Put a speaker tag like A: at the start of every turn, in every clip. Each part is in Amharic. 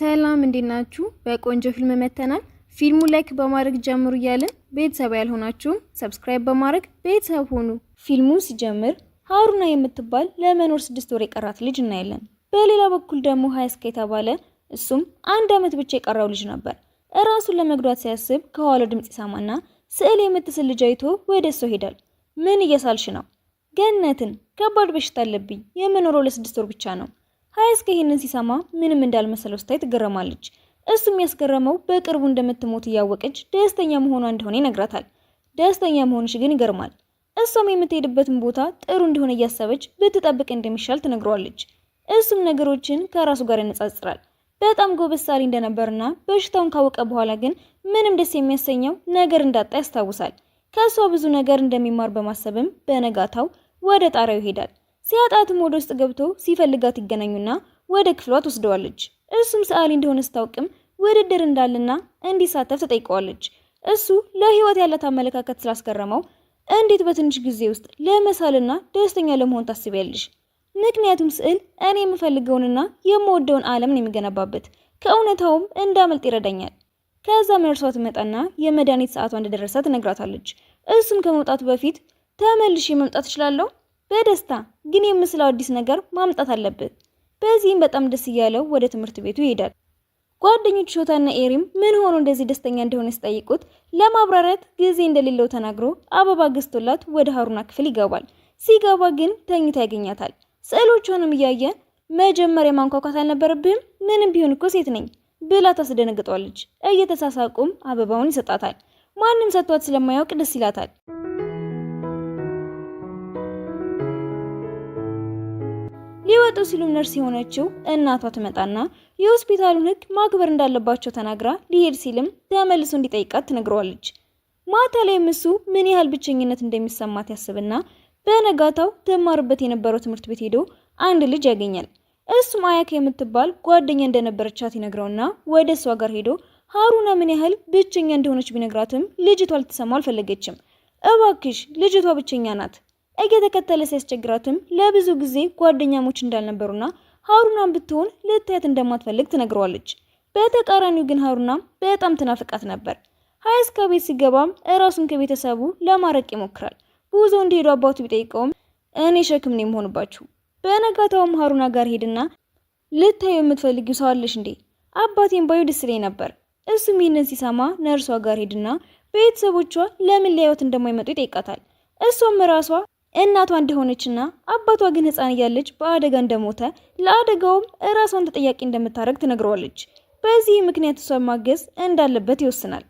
A: ሰላም እንዴት ናችሁ? በቆንጆ ፊልም መተናል። ፊልሙ ላይክ በማድረግ ጀምሩ እያልን ቤተሰብ ያልሆናችሁም ሰብስክራይብ በማድረግ ቤተሰብ ሆኑ። ፊልሙ ሲጀምር ሀሩና የምትባል ለመኖር ስድስት ወር የቀራት ልጅ እናያለን። በሌላ በኩል ደግሞ ሀያስካ የተባለ እሱም አንድ አመት ብቻ የቀረው ልጅ ነበር። እራሱን ለመግዷት ሲያስብ ከኋላው ድምፅ ይሰማና ስዕል የምትስል ልጅ አይቶ ወደ እሷ ይሄዳል። ምን እየሳልሽ ነው? ገነትን ከባድ በሽታ አለብኝ፣ የምኖረው ለስድስት ወር ብቻ ነው ሀያ እስከ ይህንን ሲሰማ ምንም እንዳልመሰለው ስታይ ትገረማለች። እሱ የሚያስገረመው በቅርቡ እንደምትሞት እያወቀች ደስተኛ መሆኗ እንደሆነ ይነግራታል። ደስተኛ መሆንሽ ግን ይገርማል። እሷም የምትሄድበትን ቦታ ጥሩ እንደሆነ እያሰበች ብትጠብቅ እንደሚሻል ትነግሯለች። እሱም ነገሮችን ከራሱ ጋር ያነጻጽራል። በጣም ጎበዝ እንደነበርና በሽታውን ካወቀ በኋላ ግን ምንም ደስ የሚያሰኘው ነገር እንዳጣ ያስታውሳል። ከእሷ ብዙ ነገር እንደሚማር በማሰብም በነጋታው ወደ ጣሪያው ይሄዳል። ሲያጣትም ወደ ውስጥ ገብቶ ሲፈልጋት ይገናኙና ወደ ክፍሏ ትወስደዋለች። እሱም ሰዓሊ እንደሆነ ስታውቅም ውድድር እንዳለና እንዲሳተፍ ትጠይቀዋለች። እሱ ለህይወት ያላት አመለካከት ስላስገረመው እንዴት በትንሽ ጊዜ ውስጥ ለመሳልና ደስተኛ ለመሆን ታስቢያለሽ? ምክንያቱም ስዕል እኔ የምፈልገውንና የምወደውን ነው የሚገነባበት ከእውነታውም እንዳመልጥ ይረዳኛል። ከዛም እርሷ ትመጣና የመድኃኒት ሰዓቷ እንደደረሰ ትነግራታለች። እሱም ከመውጣቱ በፊት ተመልሼ መምጣት እችላለሁ በደስታ ግን የምስለው አዲስ ነገር ማምጣት አለበት። በዚህም በጣም ደስ እያለው ወደ ትምህርት ቤቱ ይሄዳል። ጓደኞቹ ሾታና ኤሪም ምን ሆኖ እንደዚህ ደስተኛ እንደሆነ ሲጠይቁት ለማብራራት ጊዜ እንደሌለው ተናግሮ አበባ ገዝቶላት ወደ ሀሩና ክፍል ይገባል። ሲገባ ግን ተኝታ ያገኛታል። ስዕሎቿንም እያየ መጀመሪያ ማንኳኳት አልነበረብህም? ምንም ቢሆን እኮ ሴት ነኝ ብላ ታስደነግጠዋለች። እየተሳሳቁም አበባውን ይሰጣታል። ማንም ሰጥቷት ስለማያውቅ ደስ ይላታል። ሊመጡ ሲሉ ነርስ የሆነችው እናቷ ትመጣና የሆስፒታሉን ህግ ማክበር እንዳለባቸው ተናግራ ሊሄድ ሲልም ተመልሶ እንዲጠይቃት ትነግረዋለች። ማታ ላይ ምሱ ምን ያህል ብቸኝነት እንደሚሰማት ያስብና በነጋታው ትማርበት የነበረው ትምህርት ቤት ሄዶ አንድ ልጅ ያገኛል። እሱም አያክ የምትባል ጓደኛ እንደነበረቻት ይነግረውና ወደ እሷ ጋር ሄዶ ሀሩና ምን ያህል ብቸኛ እንደሆነች ቢነግራትም ልጅቷ ልትሰማው አልፈለገችም። እባክሽ ልጅቷ ብቸኛ ናት፣ እየተከተለ ሲያስቸግራትም ለብዙ ጊዜ ጓደኛሞች እንዳልነበሩና ሀሩናም ብትሆን ልታያት እንደማትፈልግ ትነግረዋለች። በተቃራኒው ግን ሀሩናም በጣም ትናፍቃት ነበር። ሀያስ ከቤት ሲገባም እራሱን ከቤተሰቡ ለማረቅ ይሞክራል። ጉዞ እንዲሄዱ አባቱ ቢጠይቀውም እኔ ሸክም ነው የምሆንባችሁ። በነጋታውም ሀሩና ጋር ሄድና ልታዩ የምትፈልጊው ሰው አለሽ እንዴ? አባቴን ባዩ ደስ ይለኝ ነበር። እሱም ይህንን ሲሰማ ነርሷ ጋር ሄድና ቤተሰቦቿ ለምን ሊያዩት እንደማይመጡ ይጠይቃታል። እሷም ራሷ እናቷ እንደሆነችና አባቷ ግን ህፃን እያለች በአደጋ እንደሞተ ለአደጋውም እራሷን ተጠያቂ እንደምታደርግ ትነግረዋለች። በዚህ ምክንያት እሷን ማገዝ እንዳለበት ይወስናል።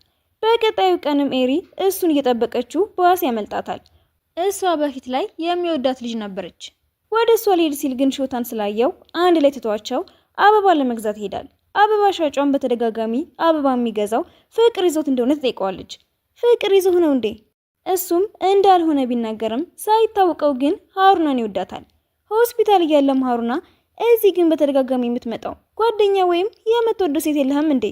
A: በቀጣዩ ቀንም ኤሪ እሱን እየጠበቀችው በዋስ ያመልጣታል። እሷ በፊት ላይ የሚወዳት ልጅ ነበረች። ወደ እሷ ሊሄድ ሲል ግን ሾታን ስላየው አንድ ላይ ትቷቸው አበባ ለመግዛት ይሄዳል። አበባ ሻጯን በተደጋጋሚ አበባ የሚገዛው ፍቅር ይዞት እንደሆነ ትጠይቀዋለች። ፍቅር ይዞህ ነው እንዴ እሱም እንዳልሆነ ቢናገርም ሳይታወቀው ግን ሀሩናን ይወዳታል። ሆስፒታል እያለም ሀሩና እዚህ ግን በተደጋጋሚ የምትመጣው ጓደኛ ወይም የምትወደው ሴት የለህም እንዴ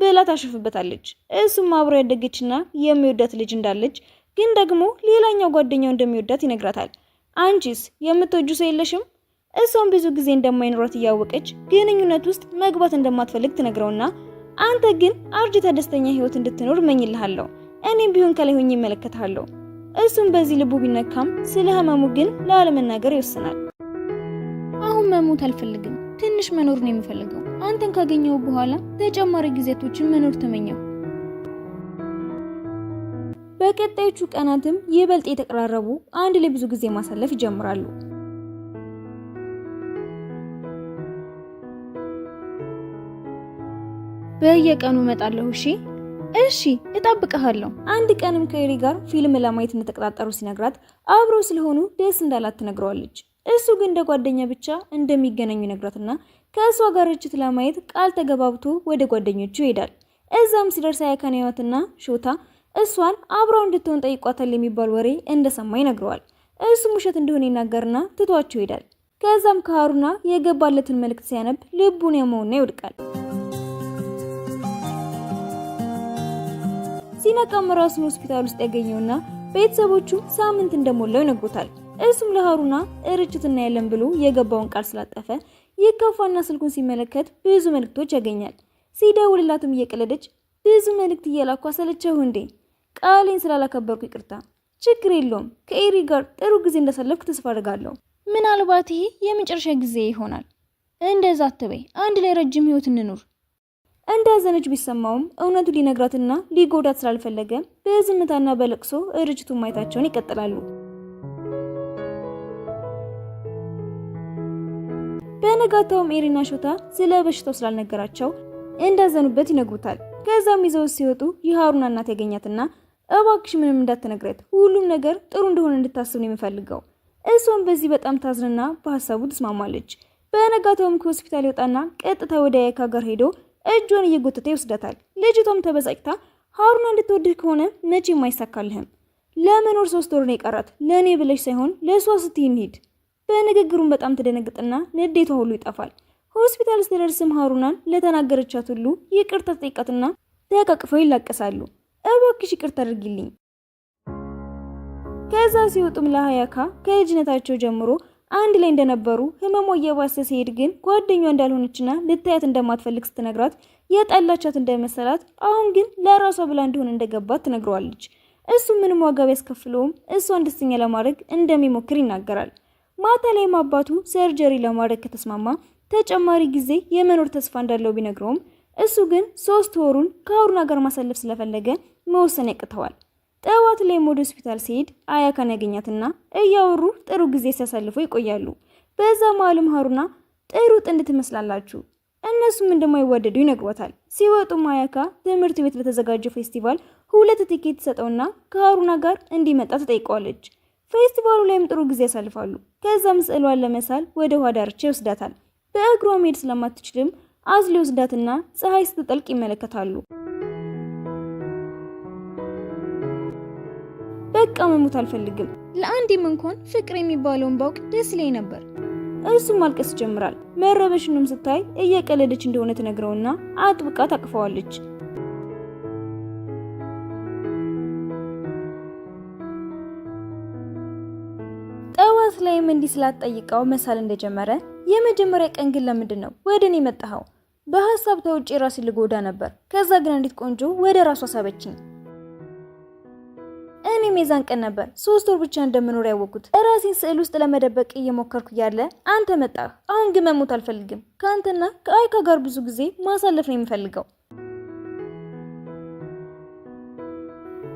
A: ብላ ታሸፍበታለች። እሱም አብሮ ያደገችና የሚወዳት ልጅ እንዳለች ግን ደግሞ ሌላኛው ጓደኛው እንደሚወዳት ይነግራታል። አንቺስ የምትወጁ ሰው የለሽም? እሷም ብዙ ጊዜ እንደማይኖራት እያወቀች ግንኙነት ውስጥ መግባት እንደማትፈልግ ትነግረውና አንተ ግን አርጅታ ደስተኛ ህይወት እንድትኖር እመኝልሃለሁ እኔም ቢሆን ከላይ ሆኜ ይመለከታለሁ እሱም በዚህ ልቡ ቢነካም ስለ ህመሙ ግን ላለመናገር ይወስናል።
B: አሁን መሞት አልፈልግም፣ ትንሽ መኖር ነው የምፈልገው። አንተን ካገኘው በኋላ ተጨማሪ ጊዜያቶችን መኖር ተመኘው። በቀጣዮቹ ቀናትም ይበልጥ የተቀራረቡ አንድ ላይ ብዙ ጊዜ ማሳለፍ ይጀምራሉ። በየቀኑ እመጣለሁ እሺ እሺ እጠብቅሃለሁ። አንድ ቀንም ከኤሪ ጋር ፊልም ለማየት እንደተቀጣጠሩ ሲነግራት አብሮ ስለሆኑ ደስ እንዳላት ትነግረዋለች። እሱ ግን እንደ ጓደኛ ብቻ እንደሚገናኙ ነግራትና ከእሷ ጋር ርችት ለማየት ቃል ተገባብቶ ወደ ጓደኞቹ ይሄዳል። እዛም ሲደርስ አያካን ሾታ እሷን አብረው እንድትሆን ጠይቋታል የሚባል ወሬ እንደሰማ ይነግረዋል። እሱም ውሸት እንደሆነ ይናገርና ትቷቸው ይሄዳል። ከዛም ከሀሩና የገባለትን መልእክት ሲያነብ ልቡን ያመውና ይወድቃል። ሲነቃም ራሱን ሆስፒታል ውስጥ ያገኘውና ቤተሰቦቹ ሳምንት እንደሞላው ይነግሮታል። እሱም ለሀሩና ርችት እናያለን ብሎ የገባውን ቃል ስላጠፈ ይከፋና ስልኩን ሲመለከት ብዙ መልእክቶች ያገኛል። ሲደውልላትም እየቀለደች ብዙ መልእክት እየላኩ አሰለቸሁ እንዴ? ቃሌን ስላላከበርኩ ይቅርታ። ችግር የለውም ከኤሪ ጋር ጥሩ ጊዜ እንዳሳለፍክ ተስፋ አድርጋለሁ። ምናልባት ይሄ የመጨረሻ ጊዜ ይሆናል። እንደዛ አትበይ፣ አንድ ላይ ረጅም ህይወት እንኑር እንዳዘነች ቢሰማውም እውነቱ ሊነግራትና ሊጎዳት ስላልፈለገ በዝምታና በለቅሶ እርጅቱ ማየታቸውን ይቀጥላሉ። በነጋታውም ኤሪና ሾታ ስለ በሽታው ስላልነገራቸው እንዳዘኑበት ይነግሩታል። ከዛም ይዘው ሲወጡ የሀሩና እናት ያገኛትና እባክሽ ምንም እንዳትነግረት ሁሉም ነገር ጥሩ እንደሆነ እንድታስብ ነው የምፈልገው። እሷም በዚህ በጣም ታዝንና በሀሳቡ ትስማማለች። በነጋታውም ከሆስፒታል ይወጣና ቀጥታ ወደ አያካ ጋር ሄዶ እጇን እየጎተተ ይወስዳታል። ልጅቷም ተበሳጭታ ሀሩና እንድትወድህ ከሆነ መቼም አይሳካልህም። ለመኖር ሶስት ወር ነው የቀራት። ለእኔ ብለሽ ሳይሆን ለእሷ ስትይ እንሂድ። በንግግሩም በጣም ትደነግጥና ንዴቷ ሁሉ ይጠፋል። ሆስፒታል ስትደርስም ሀሩናን ለተናገረቻት ሁሉ ይቅርታ ትጠይቃትና ተቃቅፈው ይላቀሳሉ። እባክሽ ይቅርታ አድርጊልኝ። ከዛ ሲወጡም ለሀያካ ከልጅነታቸው ጀምሮ አንድ ላይ እንደነበሩ ህመሟ እየባሰ ሲሄድ ግን ጓደኛ እንዳልሆነችና ልታያት እንደማትፈልግ ስትነግራት የጠላቻት እንደመሰላት አሁን ግን ለራሷ ብላ እንደሆነ እንደገባት ትነግረዋለች። እሱ ምንም ዋጋ ቢያስከፍለውም እሷን ደስተኛ ለማድረግ እንደሚሞክር ይናገራል። ማታ ላይም አባቱ ሰርጀሪ ለማድረግ ከተስማማ ተጨማሪ ጊዜ የመኖር ተስፋ እንዳለው ቢነግረውም እሱ ግን ሶስት ወሩን ከአሩና ጋር ማሳለፍ ስለፈለገ መወሰን ያቅተዋል። ጠዋት ላይም ወደ ሆስፒታል ሲሄድ አያ ካናገኛትና እያወሩ ጥሩ ጊዜ ሲያሳልፉ ይቆያሉ። በዛ መሀልም ሀሩና ጥሩ ጥንድ ትመስላላችሁ እነሱም እንደማይዋደዱ ይነግሯታል። ሲወጡ ማያካ ትምህርት ቤት በተዘጋጀው ፌስቲቫል ሁለት ቲኬት ሰጠውና ከሀሩና ጋር እንዲመጣ ተጠይቀዋለች። ፌስቲቫሉ ላይም ጥሩ ጊዜ ያሳልፋሉ። ከዛም ስዕሏን ለመሳል ወደ ውሃ ዳርቻ ይወስዳታል። በእግሯ መሄድ ስለማትችልም አዝሌ ወስዳትና ፀሐይ ስትጠልቅ ይመለከታሉ። እንድትቀመሙት አልፈልግም። ለአንዴም እንኳን ፍቅር የሚባለውን ባውቅ ደስ ላይ ነበር። እርሱም ማልቀስ ይጀምራል። መረበሽንም ስታይ እየቀለደች እንደሆነ ትነግረውና አጥብቃ ታቅፈዋለች። ጠዋት ላይም እንዲህ ስላትጠይቀው መሳል እንደጀመረ የመጀመሪያ ቀን ግን ለምንድን ነው ወደ እኔ መጣኸው? በሀሳብ ተውጭ ራሴን ልጎዳ ነበር። ከዛ ግን አንዲት ቆንጆ ወደ ራሷ ሳበችኝ። እኔም የዛን ቀን ነበር ሶስት ወር ብቻ እንደምኖር ያወቅኩት። እራሴን ስዕል ውስጥ ለመደበቅ እየሞከርኩ ያለ አንተ መጣህ። አሁን ግን መሞት አልፈልግም። ከአንተና ከአይካ ጋር ብዙ ጊዜ ማሳለፍ ነው የምፈልገው።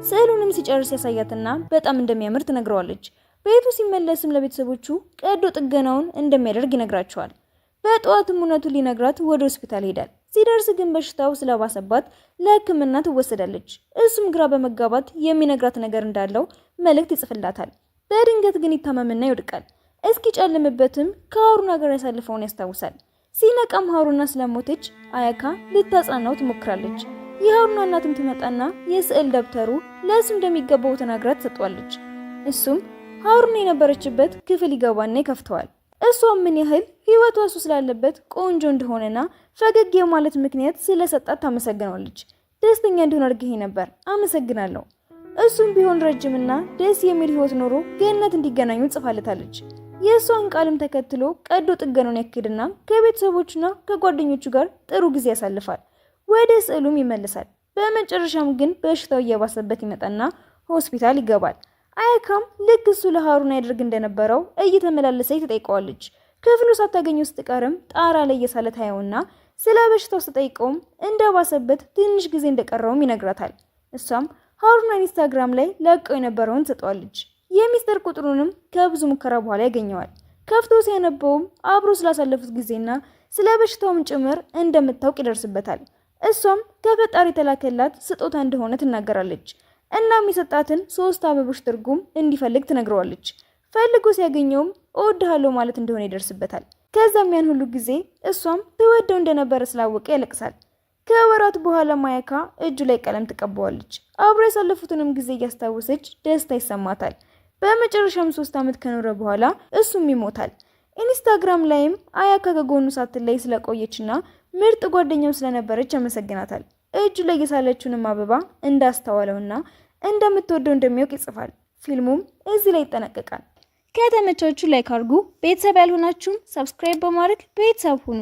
B: ስዕሉንም ሲጨርስ ያሳያትና በጣም እንደሚያምር ትነግረዋለች። ቤቱ ሲመለስም ለቤተሰቦቹ ቀዶ ጥገናውን እንደሚያደርግ ይነግራቸዋል። በጠዋትም እውነቱን ሊነግራት ወደ ሆስፒታል ይሄዳል። ሲደርስ ግን በሽታው ስለባሰባት ለሕክምና ትወሰዳለች። እሱም ግራ በመጋባት የሚነግራት ነገር እንዳለው መልእክት ይጽፍላታል። በድንገት ግን ይታመምና ይወድቃል። እስኪጨልምበትም ከሀሩና ጋር ያሳልፈውን ያስታውሳል። ሲነቃም ሀሩና ስለሞተች አያካ ልታጽናናው ትሞክራለች። የሀሩና እናትም ትመጣና የስዕል ደብተሩ ለእሱ እንደሚገባው ተናግራ ትሰጧለች። እሱም ሀሩና የነበረችበት ክፍል ይገባና ይከፍተዋል። እሷም ምን ያህል ህይወቷ እሱ ስላለበት ቆንጆ እንደሆነና ፈገግ የማለት ምክንያት ስለሰጣት ታመሰግናለች። ደስተኛ እንደሆነ አድርጌ ነበር፣ አመሰግናለሁ። እሱም ቢሆን ረጅምና ደስ የሚል ህይወት ኖሮ ገነት እንዲገናኙ ጽፋለታለች። የእሷን ቃልም ተከትሎ ቀዶ ጥገናውን ያክድና ከቤተሰቦቹና ከጓደኞቹ ጋር ጥሩ ጊዜ ያሳልፋል። ወደ ስዕሉም ይመለሳል። በመጨረሻም ግን በሽታው እየባሰበት ይመጣና ሆስፒታል ይገባል። አያካም ልክ እሱ ለሃሩን ያደርግ እንደነበረው እየተመላለሰች ትጠይቀዋለች። ክፍሉ ሳታገኘው ስትቀርም ጣራ ላይ እየሳለ ታየውና ስለ በሽታው ስትጠይቀውም እንደባሰበት ትንሽ ጊዜ እንደቀረውም ይነግራታል። እሷም ሃሩና ኢንስታግራም ላይ ለቀው የነበረውን ትሰጠዋለች። የሚስጥር ቁጥሩንም ከብዙ ሙከራ በኋላ ያገኘዋል። ከፍቶ ሲያነበውም አብሮ ስላሳለፉት ጊዜና ስለ በሽታውም ጭምር እንደምታውቅ ይደርስበታል። እሷም ከፈጣሪ የተላከላት ስጦታ እንደሆነ ትናገራለች። እናም የሰጣትን ሶስት አበቦች ትርጉም እንዲፈልግ ትነግረዋለች። ፈልጎ ሲያገኘውም እወድሃለሁ ማለት እንደሆነ ይደርስበታል። ከዛም ያን ሁሉ ጊዜ እሷም ትወደው እንደነበረ ስላወቀ ያለቅሳል። ከወራት በኋላ ማያካ እጁ ላይ ቀለም ትቀባዋለች። አብሮ ያሳለፉትንም ጊዜ እያስታወሰች ደስታ ይሰማታል። በመጨረሻም ሶስት ዓመት ከኖረ በኋላ እሱም ይሞታል። ኢንስታግራም ላይም አያካ ከጎኑ ሳትለይ ስለቆየችና ምርጥ ጓደኛው ስለነበረች ያመሰግናታል። እጁ ላይ የሳለችውንም አበባ እንዳስተዋለውና እንደምትወደው እንደሚያውቅ ይጽፋል። ፊልሙም እዚህ ላይ ይጠናቀቃል። ከተመቻቹ ላይክ አድርጉ። ቤተሰብ ያልሆናችሁም ሰብስክራይብ በማድረግ ቤተሰብ ሁኑ።